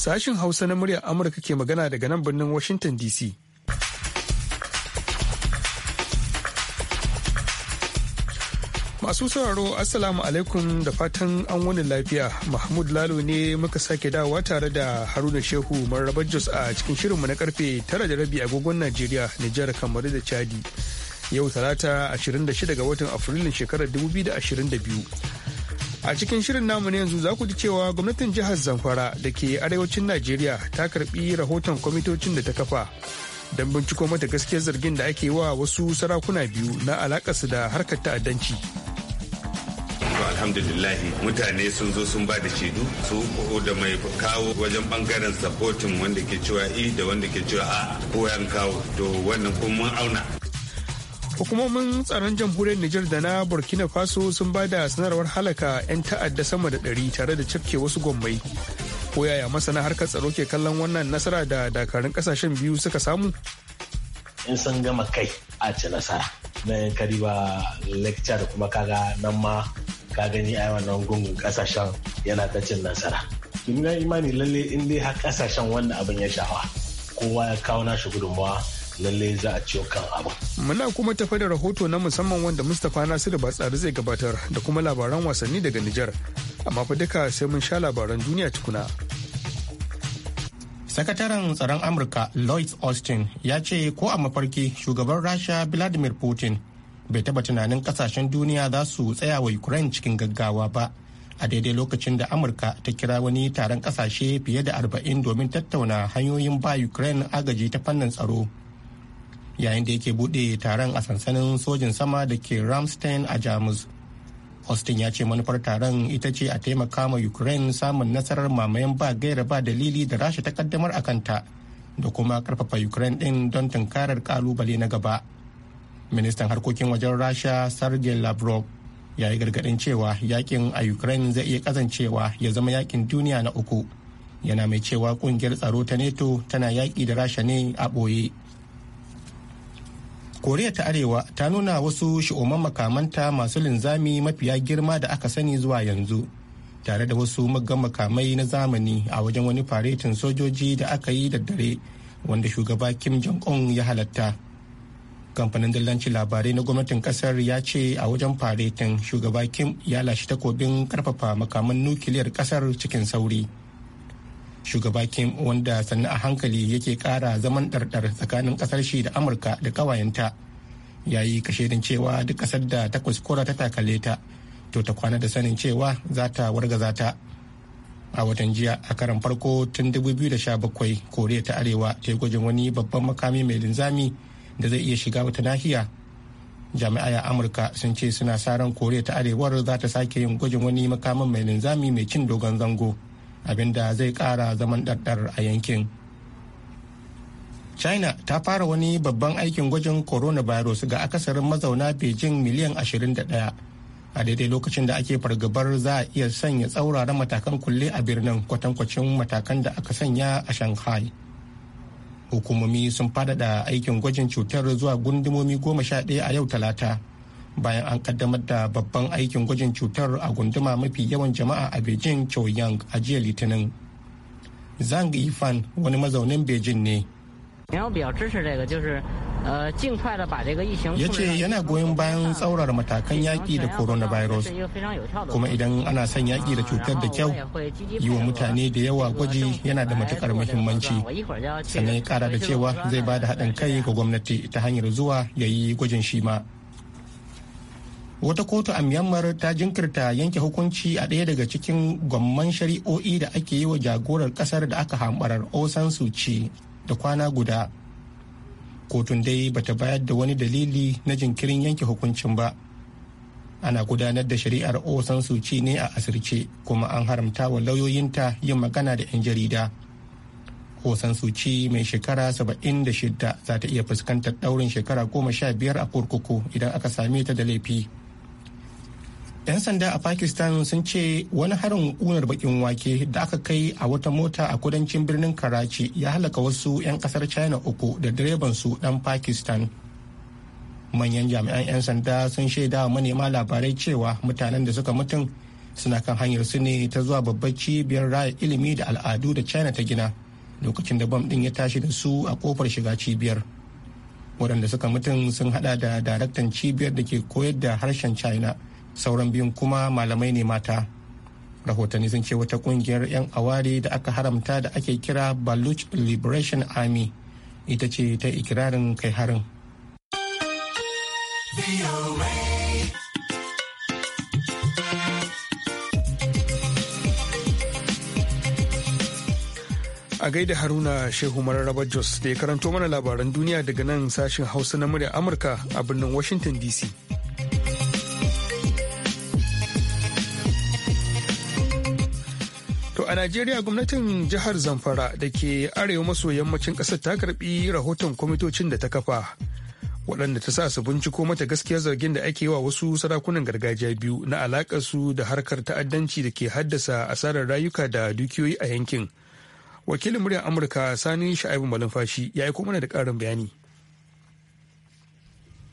Sashin Hausa na muryar Amurka ke magana daga nan birnin Washington DC. Masu sauraro Assalamu alaikum da fatan an wani lafiya. Mahmud Lalo ne muka sake dawowa tare da Haruna Shehu Marrabar Jos a cikin shirinmu na karfe tara rabi agogon Najeriya, Nijar, Kamaru da Chadi. Yau Talata 26 ga watan Afrilun shekarar 2022. A cikin shirin namu ne yanzu za ku ji cewa gwamnatin jihar Zamfara da ke arewacin Najeriya ta karbi rahoton kwamitocin da ta kafa don binciko mata gaskiyar zargin da ake wa wasu sarakuna biyu na alaƙa su da harkar ta'addanci. alhamdulillahi mutane sun zo sun ba da shaidu su da mai kawo wajen bangaren supporting wanda ke cewa i e da wanda ke cewa a ko yan kawo to wannan kuma mun auna hukumomin tsaron jamhuriyar Nijar da na Burkina Faso sun ba da sanarwar halaka 'yan ta'adda sama da ɗari tare da cafke wasu gwammai. Ko yaya masana harkar tsaro ke kallon wannan nasara da dakarun kasashen biyu suka samu? In sun gama kai a ci nasara. Na yin ba lecture kuma kaga nan ma ka gani a wannan gungun kasashen yana ta cin nasara. Kin imani lalle in dai har kasashen wanda abin ya sha'awa. kowa ya kawo nashi gudunmawa lalle za a ciwo kan abu. Muna kuma tafi da rahoto na musamman wanda Mustapha Nasiru Batsari zai gabatar da kuma labaran wasanni daga Nijar. Amma fa duka sai mun sha labaran duniya tukuna. Sakataren tsaron Amurka Lloyd Austin ya ce ko a mafarki shugaban Rasha Vladimir Putin bai taba tunanin kasashen duniya za su tsaya wa Ukraine cikin gaggawa ba. a daidai lokacin da amurka ta kira wani taron kasashe fiye da 40 domin tattauna hanyoyin ba ukraine agaji ta fannin tsaro yayin da yake bude taron a sansanin sojin sama da ke ramstein a jamus austin ya ce manufar taron ita ce a taimaka ma ukraine samun nasarar mamayen ba gaira ba dalili da rasha ta kaddamar a kanta da kuma karfafa ukraine din don tunkarar kalubale na gaba ministan harkokin wajen rasha sergei lavrov ya yi gargadin cewa yakin a ukraine zai iya kazancewa ya zama yakin duniya na uku yana mai cewa kungiyar tsaro ta neto tana yaki da rasha ne a ɓoye koriya ta arewa ta nuna wasu sha'oman makamanta masu linzami mafiya girma da aka sani zuwa yanzu tare da wasu magan makamai na zamani a wajen wani faretin sojoji da aka yi da dare wanda shugaba kim jong-un ya halatta kamfanin dillanci labarai na gwamnatin kasar ya ce a wajen faretin shugaba kim ya lashe takobin karfafa makaman nukiliyar kasar cikin sauri shugaba kim wanda sannu a hankali yake kara zaman ɗarɗar tsakanin ƙasar shi da amurka da ƙawayenta ya yi kashedin cewa duk ƙasar da ta kuskura ta takale ta to ta kwana da sanin cewa za ta wargaza ta a watan jiya a karan farko tun 2017 koriya ta arewa ta yi gwajin wani babban makami mai linzami da zai iya shiga wata nahiya jami'ai a amurka sun ce suna sa ran koriya ta arewar za ta sake yin gwajin wani makamin mai linzami mai cin dogon zango abinda zai kara zaman ɗaɗɗar a yankin china ta fara wani babban aikin gwajin coronavirus ga akasarin mazauna beijing miliyan 21 a daidai lokacin da ake fargabar za a iya sanya tsaurara matakan kulle a birnin kwatankwacin matakan da aka sanya a shanghai hukumomi sun faɗaɗa aikin gwajin cutar zuwa gundumomi goma sha ɗaya a yau talata bayan an kaddamar da babban aikin gwajin cutar a gunduma mafi yawan jama'a a beijing choyang a jiya litinin zhang yifan wani mazaunin beijing ne ya ce yana goyon bayan tsaurar matakan yaƙi da coronavirus kuma idan ana son yaƙi da cutar da kyau yi wa mutane da yawa gwaji yana da matukar muhimmanci sannan ya ƙara da cewa zai ba da haɗin kai ga gwamnati ta hanyar zuwa ya yi gwajin shima. wata kotu a myanmar ta jinkirta yanke hukunci a ɗaya daga cikin gwamman shari'o'i da ake yi wa jagorar ƙasar da aka hambarar osan suci da kwana guda kotun dai bata bayar da wani dalili na jinkirin yanke hukuncin ba ana gudanar da shari'ar osan suci ne a asirce kuma an haramta wa lauyoyinta yin magana da 'yan jarida osan suci mai shekara 76 za ta iya fuskantar ɗaurin shekara 15 a kurkuku idan aka same ta da laifi 'yan sanda a pakistan sun ce wani harin kunar bakin wake da aka kai a wata mota a kudancin birnin karachi ya halaka wasu 'yan kasar china uku da direban su dan pakistan manyan jami'an 'yan sanda sun shaida manema labarai cewa mutanen da suka mutum suna kan hanyar su ne ta zuwa babbar cibiyar raya ilimi da al'adu da china ta gina lokacin da bam ɗin ya tashi da su a kofar shiga cibiyar waɗanda suka mutum sun hada da daraktan cibiyar da ke koyar da harshen china sauran biyun kuma malamai ne mata rahotanni sun ce wata kungiyar 'yan aware da aka haramta da ake kira baluch liberation army ita ce ta ikirarin kai harin a gaida haruna shehu mararraba jos da ya karanto mana labaran duniya daga nan sashen hausa na murya amurka a birnin washington dc a Najeriya gwamnatin jihar Zamfara da ke arewa maso yammacin ƙasar ta karbi rahoton kwamitocin da ta kafa. Waɗanda ta sa su binciko mata gaskiyar zargin da ake wa wasu sarakunan gargajiya biyu na alaƙar su da harkar ta'addanci da ke haddasa asarar rayuka da dukiyoyi a yankin. Wakilin muryar Amurka Sani Sha'ibu Malumfashi ya yi kuma da ƙarin bayani.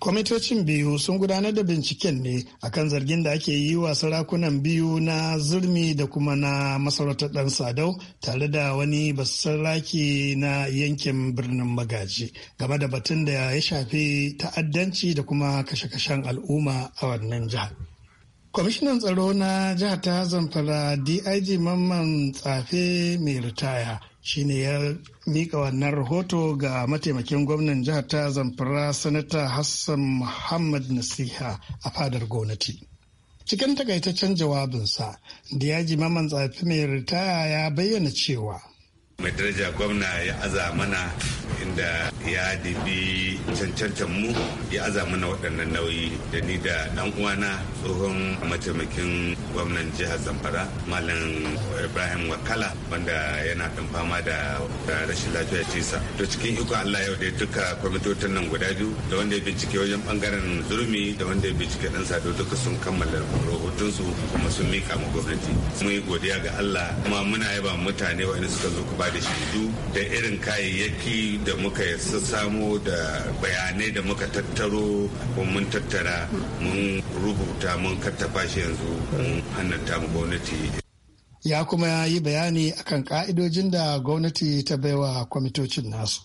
kwamitocin biyu sun gudanar da binciken ne a kan zargin da ake yi wa sarakunan biyu na zurmi da kuma na masarautar ɗan sadau tare da wani basarraki na yankin birnin magaji game da batun da ya shafi ta'addanci da kuma kashe-kashen al'umma a wannan jihar kwamishinan tsaro na jihar ta zamfara dig mamman tsafe mai ritaya Shi ne ya mika wannan rahoto ga mataimakin gwamnan jihar ta zamfara sanata hassan muhammad nasiha a fadar gwamnati cikin takaitaccen jawabinsa da yaji maman tsafi mai ritaya ya bayyana cewa mai daraja gwamna ya aza mana inda ya dibi cancantar mu ya aza mana waɗannan nauyi da ni da ɗan uwana tsohon mataimakin gwamnan jihar zamfara malam ibrahim wakala wanda yana ɗan fama da rashin lafiya cisa to cikin iko allah yau da duka kwamitocin nan guda biyu da wanda ya bincike wajen bangaren zurmi da wanda ya bincike ɗan sado duka sun kammala rahotonsu kuma sun miƙa ma gwamnati mun yi godiya ga allah kuma muna yaba mutane waɗanda suka zo ku da shaidu da irin kayayyaki da muka samo da bayanai da muka tattaro mun tattara mun rubuta mun kattafa shi yanzu mun hannata mu gwamnati ya kuma yi bayani akan ka'idojin da gwamnati ta baiwa kwamitocin nasu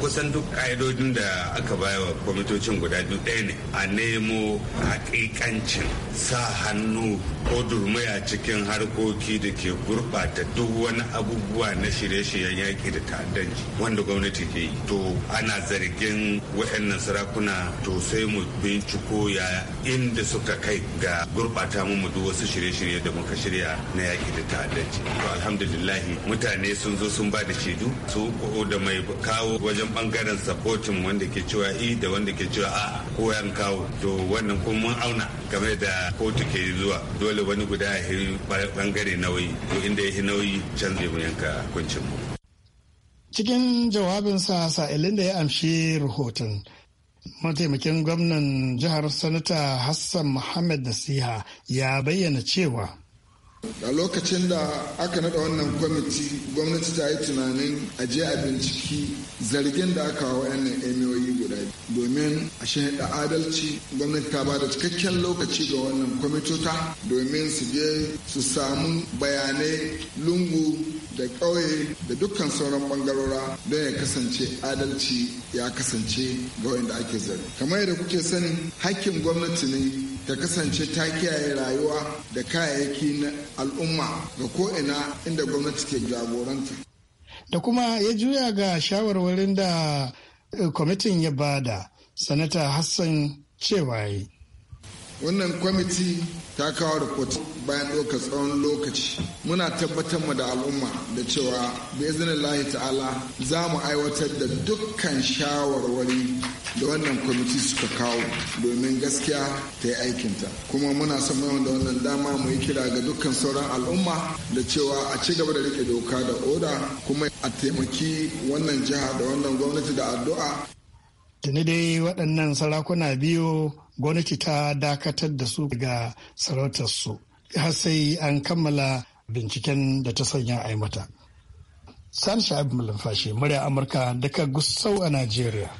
kusan duk ƙa'idodin da aka baya wa kwamitocin guda biyu ɗaya ne a nemo haƙiƙancin sa hannu ko durmaya cikin harkoki da ke gurɓata duk wani abubuwa na shirye-shiryen yaƙi da ta'addanci wanda gwamnati ke yi to ana zargin waɗannan sarakuna to sai mu binciko ya inda suka kai ga gurɓata mu duk wasu shirye-shirye da muka shirya na yaƙi da ta'addanci to alhamdulillahi mutane sun zo sun ba da shaidu su da mai kawo wajen bangaren supporting wanda ke cewa i e da wanda ke cewa a ko yan kawo to wannan kuma mun auna game da kotu ke zuwa dole wani guda ya bangare nauyi to inda ya nauyi canza mu yanka kuncin mu cikin jawabinsa sa'ilin da ya amshi rahoton mataimakin gwamnan jihar sanata hassan muhammad nasiha ya bayyana cewa a lokacin da aka nada wannan kwamiti gwamnati ta yi tunanin je a binciki zargin da aka wa wayannan emiyoyi guda domin a da adalci gwamnati ta ba da cikakken lokaci ga wannan kwamitota domin su je su samu bayanai lungu da ƙauye da dukkan sauran bangarora don ya kasance adalci ya kasance ga wanda ake zargi kamar yadda kuke sani hakkin gwamnati ne ta kasance ta kiyaye rayuwa da kayayyaki na al'umma ga ko'ina inda gwamnati ke jagoranta. Da kuma ya juya ga shawarwarin da eh, kwamitin ya bada sanata Hassan cewa Wannan kwamiti ta kawo rikot bayan ɗaukar tsawon lokaci. Muna tabbatar mu da al'umma da cewa bai lahi ta'ala za mu aiwatar da dukkan shawarwari da wannan kwamiti suka kawo domin gaskiya ta yi aikinta kuma muna son mai da wannan dama mu yi kira ga dukkan sauran al'umma da cewa a ci gaba da rike doka da oda kuma a taimaki wannan jiha da wannan gwamnati da addu'a tuni dai waɗannan sarakuna biyu gwamnati ta dakatar da su ga sarautarsu har sai an kammala binciken da ta sanya aimata. San Sha'ib Malumfashi, murya Amurka daga Gusau a Najeriya.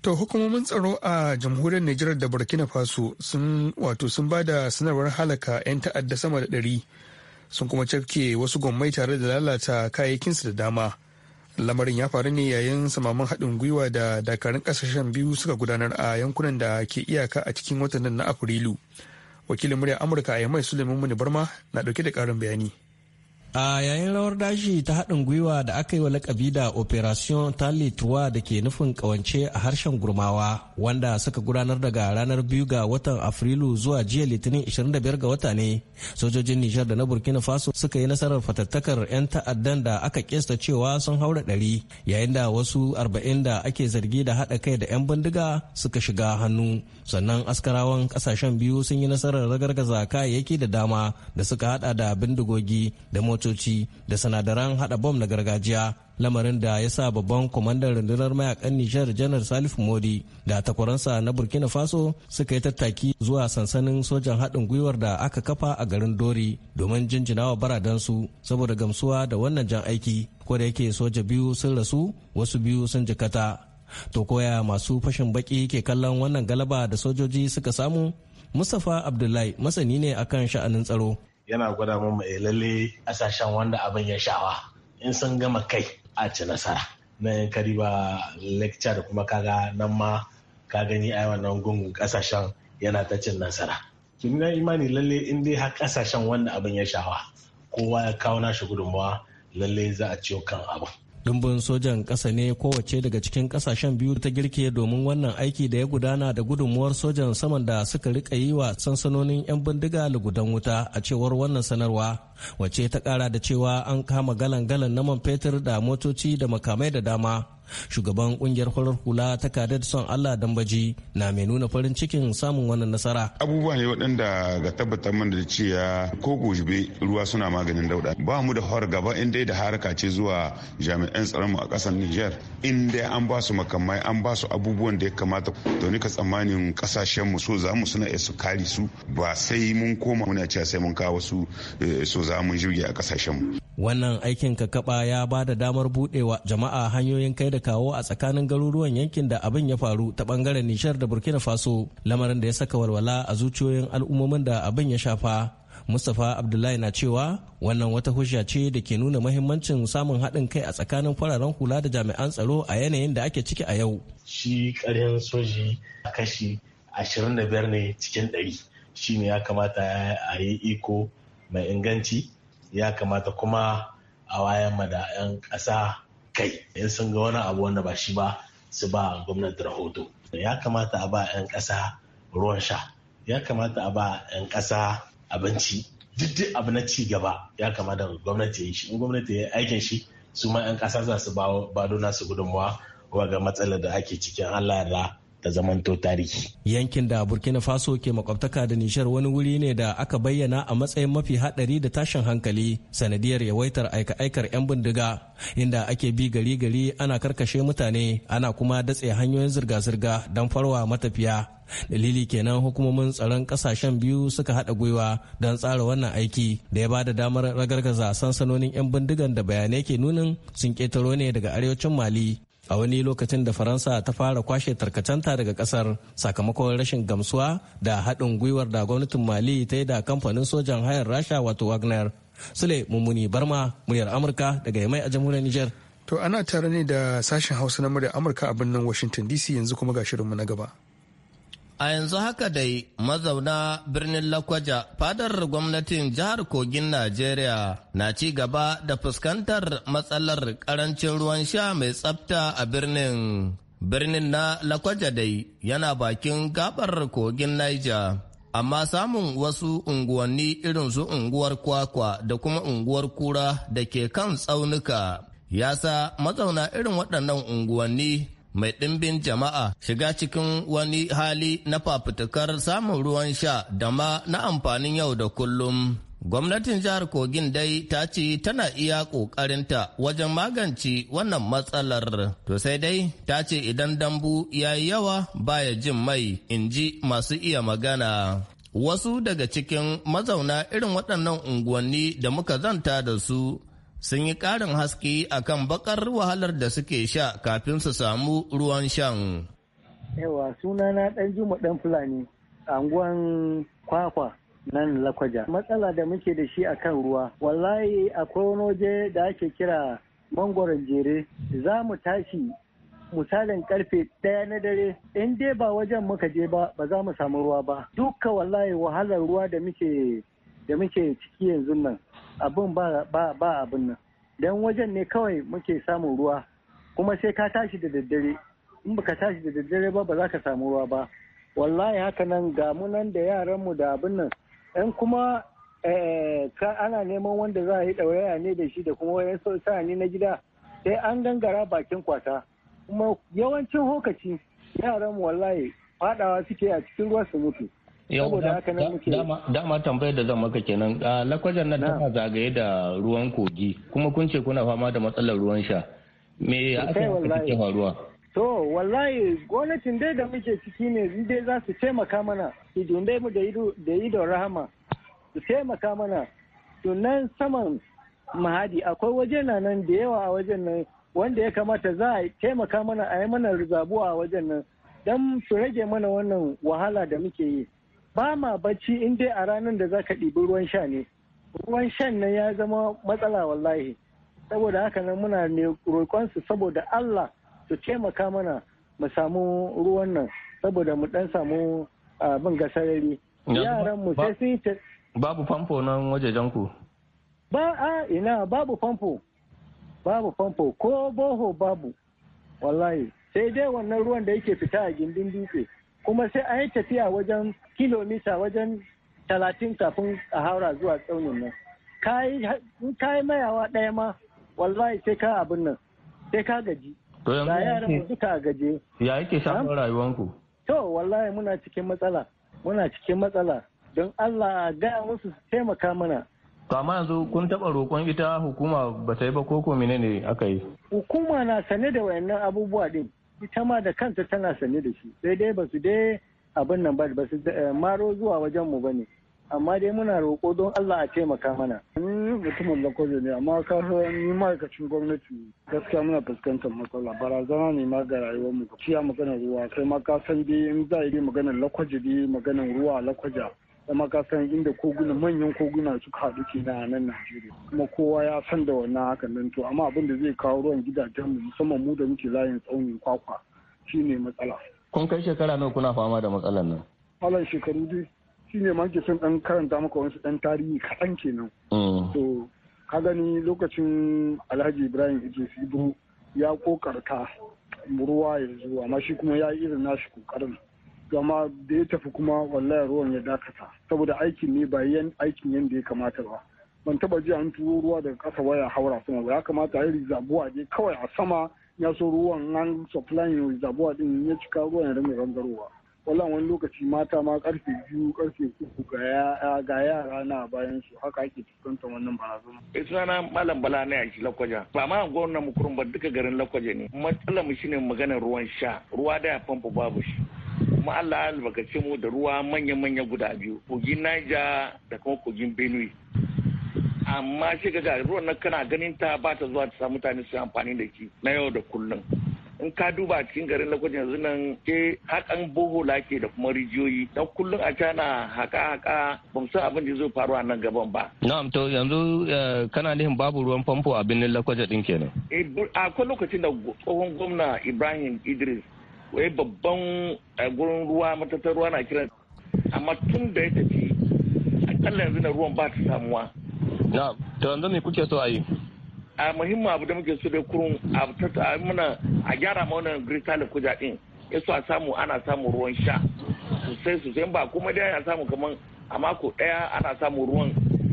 To hukumomin tsaro a jamhuriyar Nijar da Burkina Faso sun wato sun ba da sanarwar halaka 'yan ta'adda sama da ɗari sun kuma cafke wasu gwammai tare da lalata kayayyakinsu da dama. Lamarin ya faru ne yayin samaman haɗin gwiwa da dakarun ƙasashen biyu suka gudanar a yankunan da ke iyaka a cikin watan nan na Afrilu. Wakilin murya Amurka a Yamai Suleiman Muni Barma na ɗauke da ƙarin bayani. a yayin rawar dashi ta haɗin gwiwa da aka yi wa lakabi da operation talituwa da ke nufin kawance a harshen gurmawa wanda suka gudanar daga ranar biyu ga watan afrilu zuwa jiya litinin 25 ga wata ne sojojin nijar da na burkina faso suka yi nasarar fatattakar 'yan ta'addan da aka kesta cewa sun haura ɗari yayin da wasu arba'in da ake zargi da haɗa kai da 'yan bindiga suka shiga hannu sannan askarawan kasashen biyu sun yi nasarar ragargaza kayayyaki da dama da suka hada da bindigogi da motoci da sinadaran hada bom na gargajiya lamarin da ya sa babban kwamandan rundunar mayakan nijar janar salif modi da takwaransa na burkina faso suka yi tattaki zuwa sansanin sojan haɗin gwiwar da aka kafa a garin dori domin jinjinawa baradansu saboda gamsuwa da wannan jan aiki ko da yake soja biyu sun rasu wasu biyu sun jikata To koya masu fashin baki ke kallon wannan galaba da sojoji suka samu? Mustapha Abdullahi masani ne akan sha'anin tsaro. Yana gwada mu mai lalle asashen wanda abin ya shawa in sun gama kai a ci nasara. Na kariba lecture da kuma kaga nan ma ka gani a wannan gungun kasashen yana ta cin nasara. Kin na imani lalle in dai har kasashen wanda abin ya shawa kowa ya kawo nashi gudunmawa lalle za a ciyo kan abin. dumbun sojan ƙasa ne kowace daga cikin ƙasashen biyu ta girke domin wannan aiki da ya gudana da gudunmuwar sojan saman da suka rika yi wa sansanonin 'yan bindiga lugudan wuta a cewar wannan sanarwa wace ta kara da cewa an kama galan-galan na man fetur da motoci da makamai da dama. shugaban kungiyar farar hula ta kadar son allah dambaji na mai nuna farin cikin samun wannan nasara abubuwa ne waɗanda ga tabbatar mana da cewa ko gobe ruwa suna maganin dauda ba mu da har gaba in dai da haraka ce zuwa jami'an tsaron mu a ƙasar niger in dai an ba su makamai an ba su abubuwan da ya kamata to ni ka tsammanin kasashen mu so za mu suna su kare su ba sai mun koma muna cewa sai mun kawo wasu eh, so za mu jirgi a kasashen mu wannan aikin kakaɓa ya ba da damar budewa jama'a hanyoyin kai da kawo a tsakanin garuruwan yankin da abin ya faru ta bangaren nishar da burkina faso lamarin da ya saka walwala a zuciyoyin al'ummomin da abin ya shafa mustapha abdullahi na cewa wannan wata hujja ce da ke nuna mahimmancin samun haɗin kai a tsakanin fararen hula da jami'an tsaro a yanayin da ake ciki a yau shi ƙarfin soji kashi ashirin biyar ne cikin 100 ne ya kamata a yi iko mai inganci ya kamata kuma a wayan ma da 'yan ƙasa kai in sun ga wani abu wanda ba shi ba su ba gwamnati rahoto ya kamata a ba 'yan ƙasa ruwan sha ya kamata a ba 'yan ƙasa abinci duk abu na ci gaba ya kamata gwamnati ya yi shi in gwamnati ya aikin shi su ma 'yan ƙasa za su ba su gudunmawa wa ga matsalar da ake cikin allah da ta zamanto tarihi. Yankin da Burkina Faso ke makwabtaka da Nishar wani wuri ne da aka bayyana a matsayin mafi hadari da tashin hankali sanadiyar yawaitar aika-aikar 'yan bindiga inda ake bi gari-gari ana karkashe mutane ana kuma datse hanyoyin zirga-zirga don farwa matafiya. dalili kenan hukumomin tsaron kasashen biyu suka hada gwiwa don tsara wannan aiki da ya ba da damar ragargaza sansanonin 'yan bindigan da bayanai ke nunin sun ketaro ne daga arewacin mali a wani lokacin da faransa ta fara kwashe tarkacanta daga kasar sakamakon rashin gamsuwa da haɗin gwiwar da gwamnatin mali ta yi da kamfanin sojan hayar rasha wato wagner sule mummuni barma muryar amurka daga yamai a jamhuriyar niger to ana tare ne da sashen hausa na muryar amurka a birnin washington dc yanzu kuma ga shirinmu na gaba A yanzu haka dai mazauna birnin Lakwaja fadar gwamnatin jihar Kogin Najeriya na ci gaba da fuskantar matsalar karancin ruwan sha mai tsafta a birnin. Birnin na Lakwaja dai yana bakin gabar kogin Niger. Amma samun wasu unguwanni irin su unguwar kwakwa da kuma unguwar kura da ke kan tsaunuka ya sa mazauna irin waɗannan unguwanni mai ɗimbin jama'a shiga cikin wani hali na fafutukar samun ruwan sha da ma na amfanin yau da kullum. Gwamnatin jihar Kogin dai ta ce tana iya ƙoƙarinta wajen magance wannan matsalar. To sai dai ta ce idan dambu ya yi yawa baya jin mai, in ji masu iya magana. Wasu daga cikin mazauna irin waɗannan unguwanni da muka zanta da su sun yi ƙarin haske a kan bakar wahalar da suke sha kafin su samu ruwan shan. Yawa sunana ɗan juma ɗan Fulani a anguwan kwakwa nan lakwaja. Matsala da muke da shi a kan ruwa, wallahi akwai wani waje da ake kira mangoron jere za mu tashi misalin karfe ɗaya na dare in dai ba wajen muka je ba ba za mu samu ruwa ba Duka wallahi wahalar ruwa da muke da muke ciki yanzu nan abin ba abin nan don wajen ne kawai muke samun ruwa kuma sai ka tashi da daddare in baka tashi da daddare ba ba za ka samu ruwa ba wallahi haka nan ga mu nan da yaranmu da abin nan in kuma eh, ana neman wanda za a yi ɗauraya ne da shi da kuma wayan sa'ani na gida sai an gangara bakin kwata kuma yawancin hokaci yaran mu wallahi fadawa suke a cikin ruwa su mutu saboda dama tambayar da zan maka kenan lakwajar nan tana zagaye da ruwan kogi kuma kun ce kuna fama da matsalar ruwan sha me aka ke faruwa to wallahi gwamnatin dai da muke ciki ne dai za su taimaka mana su dai mu da idon rahama su taimaka mana tunan saman mahadi akwai waje na nan da yawa a wajen nan wanda ya kamata za a taimaka mana a yi mana rizabuwa a wajen nan don su rage mana wannan wahala da muke yi ba ma bacci in dai a ranar da za ka ɗibi ruwan sha ne ruwan shan nan ya zama matsala wallahi saboda haka nan muna ne su saboda allah su taimaka mana mu samu ruwan nan saboda mu dan samu abin ga yaran mu sai sun babu famfo nan wajejen ku ba a ina babu famfo babu famfo ko boho babu wallahi sai dai wannan ruwan da yake fita a gindin dutse kuma sai an yi tafiya wajen kilomita wajen talatin kafin a haura zuwa tsaunin nan ka yi mayawa ɗaya ma wallahi sai ka abin nan sai ka gaji ga yaran mu duka gaje ya yake shafin rayuwanku to wallahi muna cikin matsala muna cikin matsala don Allah ga musu su taimaka mana kama yanzu kun taba roƙon ita hukuma ba ta yi ba koko menene aka yi hukuma na sane da wayannan abubuwa din ita ma da kanta tana sane da shi sai dai ba su dai abin nan ba su eh, maro zuwa wajen mu bane amma dai muna roƙo don Allah a taimaka mana. Ni mutumin kwazo ne amma ka ni ma'aikacin gwamnati gaskiya muna fuskantar matsala barazana ne ma ga rayuwar mu kiya maganar ruwa kai ma ka san dai in za yi maganar lakwaje dai maganar ruwa lakwaja kuma ka san inda koguna manyan koguna suka haɗu ke na nan Najeriya kuma kowa ya san da wannan hakan nan to amma abin da zai kawo ruwan gidajen mu musamman mu da muke layin tsaunin kwakwa shine matsala. kun kai shekara nawa kuna fama da matsalar nan halan shekaru biyu shine ma ke son dan karanta maka wasu dan tarihi kaɗan kenan mm. to ka gani lokacin alhaji ibrahim ije sibu ya kokarta ruwa ya zo amma shi kuma ya yi irin nashi kokarin gama da ya tafi kuma wallahi ruwan ya dakata saboda aikin ne ba yan aikin yadda ya kamata ba ban taba ji an turo ruwa daga ƙasa waya haura sama ba ya kamata a yi rizabuwa ne kawai a sama ya so ruwan an supply ne zabuwa din ya cika ruwan ya rinka gangarowa wallan wani lokaci mata ma karfe biyu karfe uku ga yara na bayan su haka ake fuskanta wannan barazana. Eh sunana malam bala ne a shi lakwaja ba ma gwamnan mu kurun ba duka garin lakwaja ne matsalar mu shine maganar ruwan sha ruwa da ya famfa babu shi kuma Allah albarkace mu da ruwa manya-manya guda biyu kogin Niger da kuma kogin Benue amma shi ga allurar nan kana ganin ta ba ta zuwa ta sa mutane su amfani da shi na yau da kullum in ka duba cikin garin lagos yanzu nan ke hakan bohola ke da kuma rijiyoyi Na kullum a cana haka haka ban san abin da zai faru a nan gaban ba na'am to yanzu eh, kana nihin babu ruwan famfo a birnin lagos din kenan eh, akwai lokacin da tsohon gwamna Ibrahim Idris wai babban eh, gurin ruwa matattar ruwa na kiran amma tun da ya tafi akalla yanzu na ruwan ba ta samuwa na to yanzu kuke so a yi a muhimmin abu da muke so dai kurun a yi muna a gyara mana gritali kujaɗin ya so a samu ana samun ruwan sha sosai sosai ba kuma dai ana samu kaman a mako daya ana samun ruwan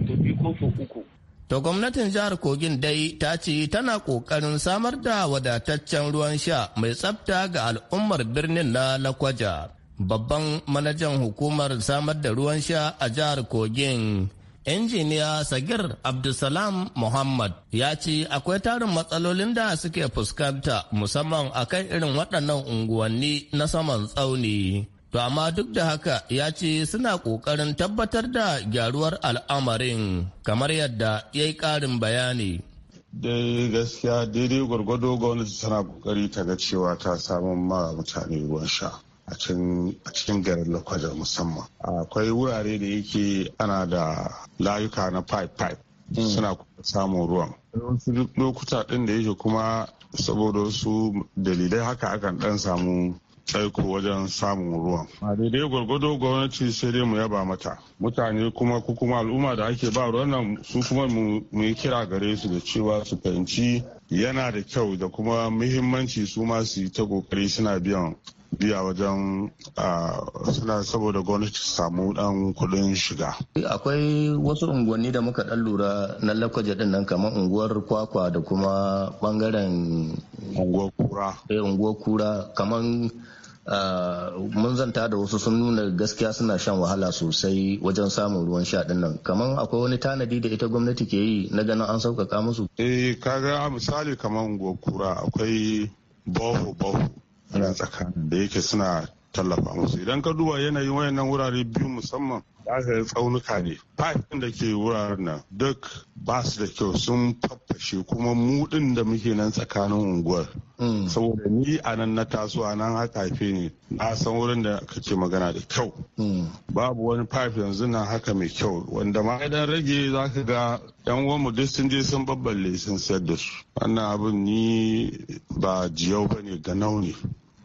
to ko so uku To gwamnatin jihar Kogin dai ta ce tana kokarin samar da wadataccen ruwan sha mai tsafta ga al'ummar birnin na Lakwaja. Babban manajan hukumar samar da ruwan sha a jihar Kogin, Injiniya Sagir Abdulsalam Muhammad ya ce akwai tarin matsalolin da suke fuskanta musamman a akan irin waɗannan unguwanni na saman tsauni. To amma duk da haka ya ce suna ƙoƙarin tabbatar da gyaruwar al'amarin kamar yadda ya yi ƙarin bayani. Dai gaskiya daidai gwargwado ga gwamnati tana ƙoƙari ta ga cewa ta samun ma mutane ruwan sha. a cikin garin lokacin musamman. Akwai wurare da yake ana da layuka na pipe-pipe hmm. suna samun ruwan. lokuta din da yake kuma saboda su dalilai haka akan ɗan samu tsaiko wajen samun ruwan. A daidai gwargwado gwamnati sai dai mu yaba mata. Mutane kuma ku kuma al'umma da ake ba ruwan nan su kuma mu yi kira gare su da cewa su fahimci yana da kyau da kuma muhimmanci su ma su yi ta kokari suna biyan biya wajen suna saboda gwamnati su samu dan kudin shiga. Akwai wasu unguwanni da muka dan lura na lakwaje din nan kamar unguwar kwakwa da kuma bangaren unguwar kura. Eh unguwar kura kamar mun zanta da wasu sun nuna gaskiya suna shan wahala sosai wajen samun ruwan sha din nan kamar akwai wani tanadi da ita gwamnati ke yi na ganin an sauƙaƙa musu eh kaga misali kamar unguwar kura akwai boho boho ana tsakanin da yake suna tallafa musu idan ka duba yanayin wayannan wurare biyu musamman da aka yi tsaunuka ne fahimtar da ke wuraren nan duk ba su da kyau sun faffashe kuma mudin da muke nan tsakanin unguwar hmm. saboda ni a nan na taso a nan haka haife ne na san wurin da kake magana da kyau hmm. babu wani fahimtar yanzu na haka mai kyau wanda ma idan rage za ka ga yan uwanmu duk sun je sun babballe sun sayar da su wannan abin ni ba jiyau ba ne ga nauni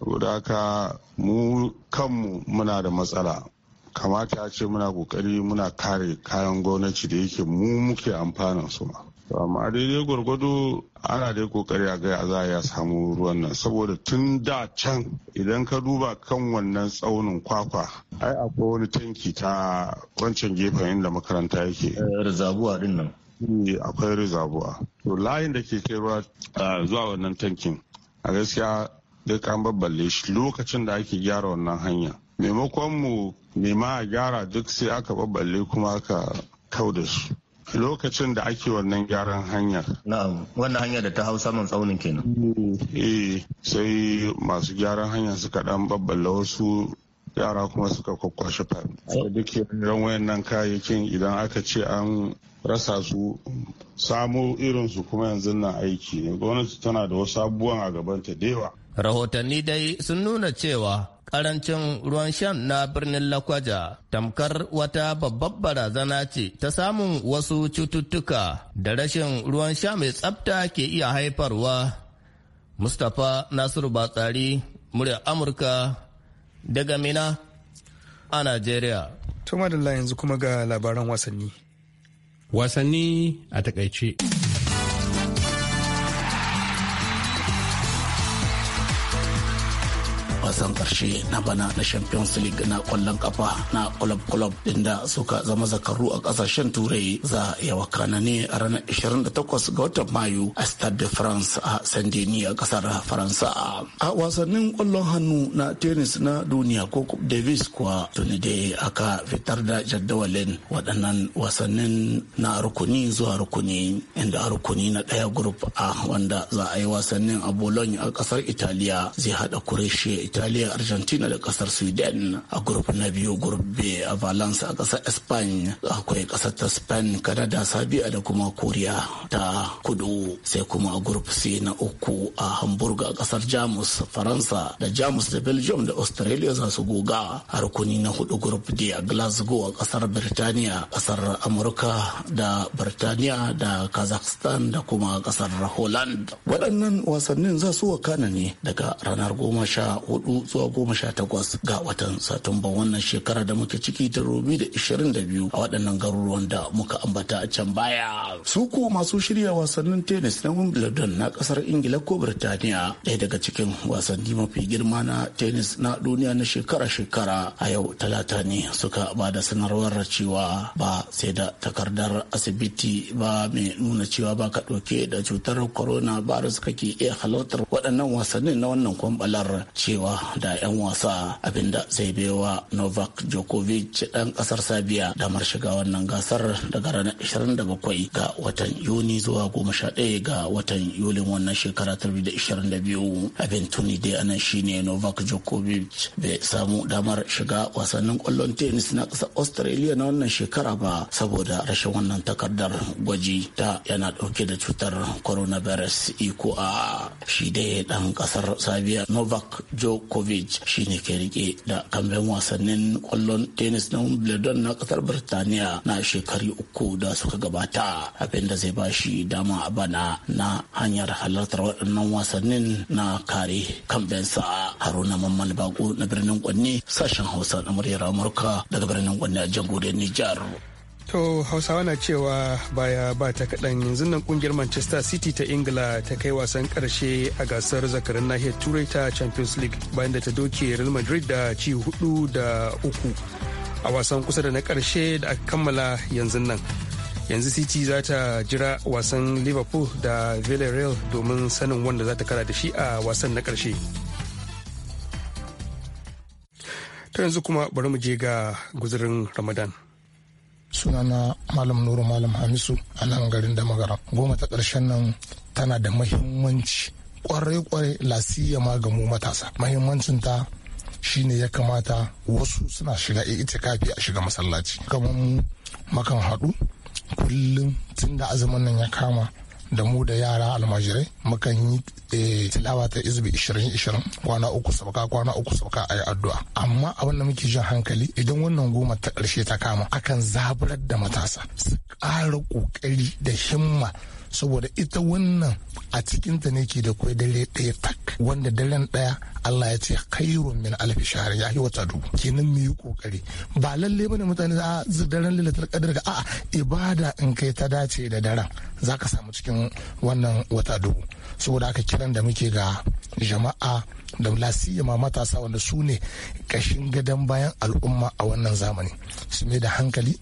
Saboda haka mu kanmu muna da matsala. Kamata a ce muna kokari muna kare kayan gwamnati da yake mu muke amfanin su. ma. amma daidai gwargwado ana dai kokari a gaya za ya samu ruwan nan saboda tun da can idan ka duba kan wannan tsaunin kwakwa ai akwai wani tanki ta wancan gefen inda makaranta yake eh, rizabuwa din nan eh, akwai rizabuwa to layin da ke kai ruwa ah, zuwa wannan tankin a gaskiya duk an babballe shi lokacin da ake gyara wannan hanya maimakon mu nema a gyara duk sai aka babballe kuma aka kau da su lokacin da ake wannan gyaran hanyar. Na'am, wannan hanyar da ta hau saman tsaunin kenan. Eh, sai masu gyaran hanya suka dan babbala wasu yara kuma suka kwakwashe fa. Duk ran wayannan kayayyakin idan aka ce an rasa su samo irin su kuma yanzu na aiki ne. Gwamnati tana da wasu abubuwan a gabanta da yawa. Rahotanni dai sun nuna cewa ƙarancin ruwan shan na birnin Lakwaja tamkar wata babbar barazana ce ta samun wasu cututtuka da rashin ruwan sha mai tsabta ke iya haifarwa. Mustapha Nasiru Batsari, murya Amurka daga Mina a Najeriya. Tuma yanzu kuma ga labaran wasanni. Wasanni a takaice. wasan karshe na bana na champions league na kwallon kafa na club club inda suka zama zakaru a kasashen turai za ya wakana ne a ranar 28 ga watan mayu a stade de france a saint denis a kasar faransa a wasannin kwallon hannu na tennis na duniya ko davis kuwa tuni dai aka fitar da jadawalin waɗannan wasannin na rukuni zuwa rukuni inda rukuni na ɗaya group a wanda za a yi wasannin a bologna a kasar italiya zai haɗa kureshe Italiya, Argentina da kasar Sweden. A grup na biyu grup B a Valence a kasar Spain akwai kasar ta Spain, Canada, sabia da kuma korea ta kudu. Sai kuma a grup C na uku a Hamburg a kasar Jamus, Faransa da Jamus da Belgium da Australia za su goga. A rukuni na hudu grup D a Glasgow a kasar Birtaniya, kasar Amurka da Birtaniya da Kazakhstan da kuma kasar Holland. Waɗannan wasannin za su wakana ne daga ranar goma sha hudu uku zuwa goma sha takwas ga watan satumba wannan shekara da muke ciki ta robi da ishirin da biyu a waɗannan garuruwan da muka ambata a can baya su ko masu shirya wasannin tennis na wimbledon na ƙasar ingila ko birtaniya ɗaya daga cikin wasanni mafi girma na tennis na duniya na shekara-shekara a yau talata ne suka ba da sanarwar cewa ba sai da takardar asibiti ba mai nuna cewa ba ka ɗauke da cutar corona virus kake iya halartar waɗannan wasannin na wannan kwambalar cewa da 'yan wasa abinda zai baiwa novak djokovic ɗan ƙasar sabiya damar shiga wannan gasar daga ranar 27 ga watan yuni zuwa 11 ga watan yulin wannan shekara 2022 abin tuni dai anan shine novak djokovic bai samu damar shiga wasannin kwallon tenis na kasar australia na wannan shekara ba saboda rashin wannan takardar gwaji ta yana ɗauke da cutar coronavirus iko a shi dai dan ƙasar sabiya novak djokovic Djokovic shine ke rike da kamben wasannin kwallon tenis na Wimbledon na kasar Birtaniya na shekaru uku da suka gabata abinda zai ba shi dama a bana na hanyar halartar waɗannan wasannin na kare kambensa Haruna Mamman Bako na birnin Kwanne sashen Hausa na muryar Amurka daga birnin Kwanne a jamhuriyar Nijar. To Hausawa na cewa baya ba ta kaɗan yanzu nan kungiyar Manchester City ta Ingila ta kai wasan ƙarshe a gasar zakarin nahiyar Turai ta Champions League bayan da ta doke Real Madrid da ci hudu da uku a wasan kusa da na karshe da aka kammala yanzu nan. Yanzu City za ta jira wasan Liverpool da Villarreal domin sanin wanda za ta kara da shi a wasan na karshe. Ta yanzu kuma bari mu je ga guzurin Ramadan. sunana malam nuru malam hamisu a nan garin da magara goma ta ƙarshen nan tana da mahimmanci kwarai-kwarai lasiya ma ga mu matasa mahimmancin ta shine ya kamata wasu suna shiga eh, ita kafi a shiga masallaci kamar mu makan haɗu kullum tun da azumin nan ya kama da mu da yara almajirai mukan yi eh, tilawa ta izbi 20-20 kwana uku sabaka kwana uku sabaka a yi addu'a amma abin da muke jin hankali idan wannan goma ta ƙarshe ta kama akan zaburar da matasa su ƙara ƙoƙari da himma saboda ita wannan a cikinta ne ke da kwai dare ɗaya tak wanda daren ɗaya Allah ya ce khairun min alfi shahr ya yi wata dubu kenan mu yi kokari ba lalle bane mutane za a daren lailatul kadar ga a'a ibada in kai ta dace da daren ka samu cikin wannan wata dubu saboda haka kiran da muke ga jama'a da lasiyama matasa wanda su ne kashin gadon bayan al'umma a wannan zamani su mai da hankali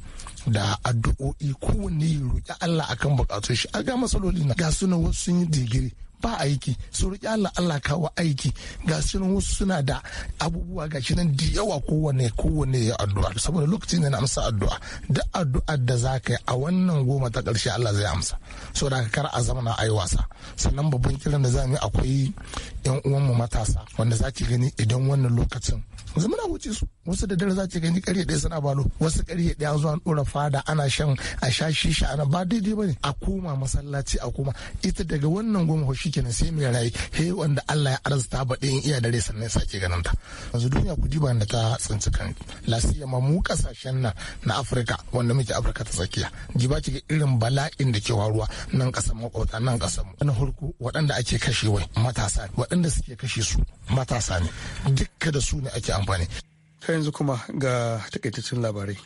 da addu'o'i kowanne ya roƙi Allah akan bukatun shi a ga matsaloli na ga suna wasu sun yi digiri ba aiki su roƙi Allah Allah kawo aiki ga suna wasu suna da abubuwa ga shi nan da yawa kowanne kowanne ya addu'a saboda lokacin da na amsa addu'a da addu'a da za ka yi a wannan goma ta ƙarshe Allah zai amsa so da kar a zama na yi wasa sannan babban kiran da za mu yi akwai yan uwanmu matasa wanda za ki gani idan wannan lokacin yanzu muna wuce su wasu da dare za ki gani karye ɗaya suna balo wasu karye ɗaya zuwa an ɗora fada ana shan a sha shisha ana ba daidai ba ne a koma masallaci a koma ita daga wannan goma shi kenan sai mai rayu he wanda Allah ya arzuta ba ɗayan iya dare sannan sake ganin ta yanzu duniya ku diba da ta tsinci kan lasiya ma mu kasashen nan na Afirka wanda muke Afirka ta tsakiya jiba ki ga irin bala'in da ke waruwa nan kasan makwabta nan kasan mu na hurku waɗanda ake kashe wai matasa waɗanda suke kashe su matasa ne dukka da su ne ake amfani ka yanzu kuma ga takaitaccen labarai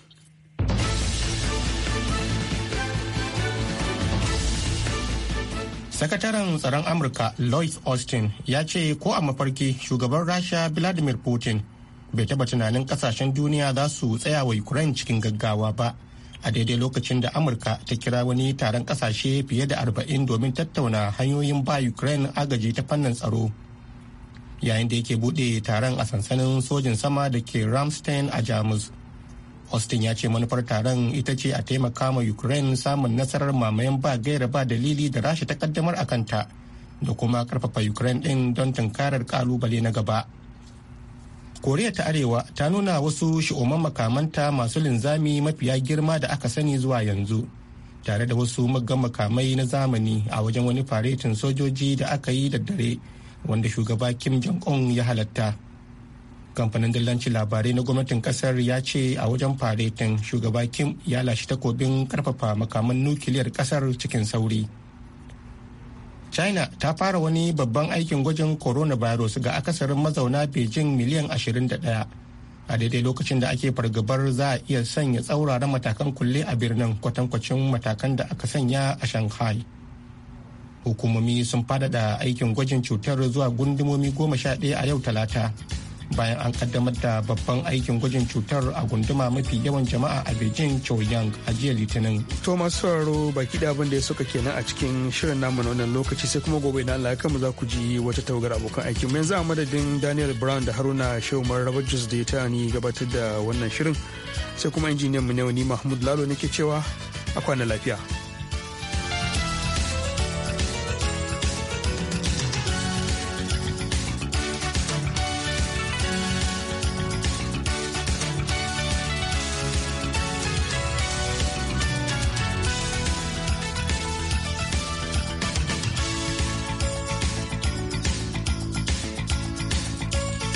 sakataren tsaron amurka lloyd austin ya ce ko a mafarki shugaban rasha vladimir putin bai taɓa tunanin ƙasashen duniya za su tsaya wa ukraine cikin gaggawa ba a daidai lokacin da amurka ta kira wani taron kasashe fiye da arba'in domin tattauna hanyoyin ba ukraine agaji ta fannin tsaro yayin da yake bude taron a sansanin sojin sama da ke ramstein a jamus austin ya ce manufar taron ita ce a taimaka ma ukraine samun nasarar mamayen ba gaira ba dalili da rasha ta kaddamar a kanta da kuma karfafa ukraine din don tunkarar kalubale na gaba. koriya ta arewa ta nuna wasu shi'oman makamanta masu linzami mafiya girma da aka sani zuwa yanzu tare da wasu muggan makamai na zamani a wajen wani faretin sojoji da aka yi da dare wanda shugaba kim jong-un ya halatta kamfanin dillanci labarai na gwamnatin kasar ya ce a wajen faretin shugaba kim ya lashe takobin karfafa makaman nukiliyar kasar cikin sauri china ta fara wani babban aikin gwajin coronavirus ga akasarin mazauna beijing miliyan 21 a daidai lokacin da ake fargabar za a iya sanya tsauraran matakan kulle a birnin kwatankwacin matakan da aka sanya a shanghai hukumomi sun fadada aikin gwajin cutar zuwa gundumomi goma sha ɗaya a yau talata bayan an kaddamar da babban aikin gwajin cutar a gunduma mafi yawan jama'a a beijing choyang a jiya litinin thomas sauraro baki da abin da ya suka kenan a cikin shirin namu na wannan lokaci sai kuma gobe na allah mu za ku ji wata tawagar abokan aikin mu yanzu a madadin daniel brown da haruna shehumar mararraba da ya ta ni gabatar da wannan shirin sai kuma injiniyan mu ne wani mahmud lalo nake cewa a kwana lafiya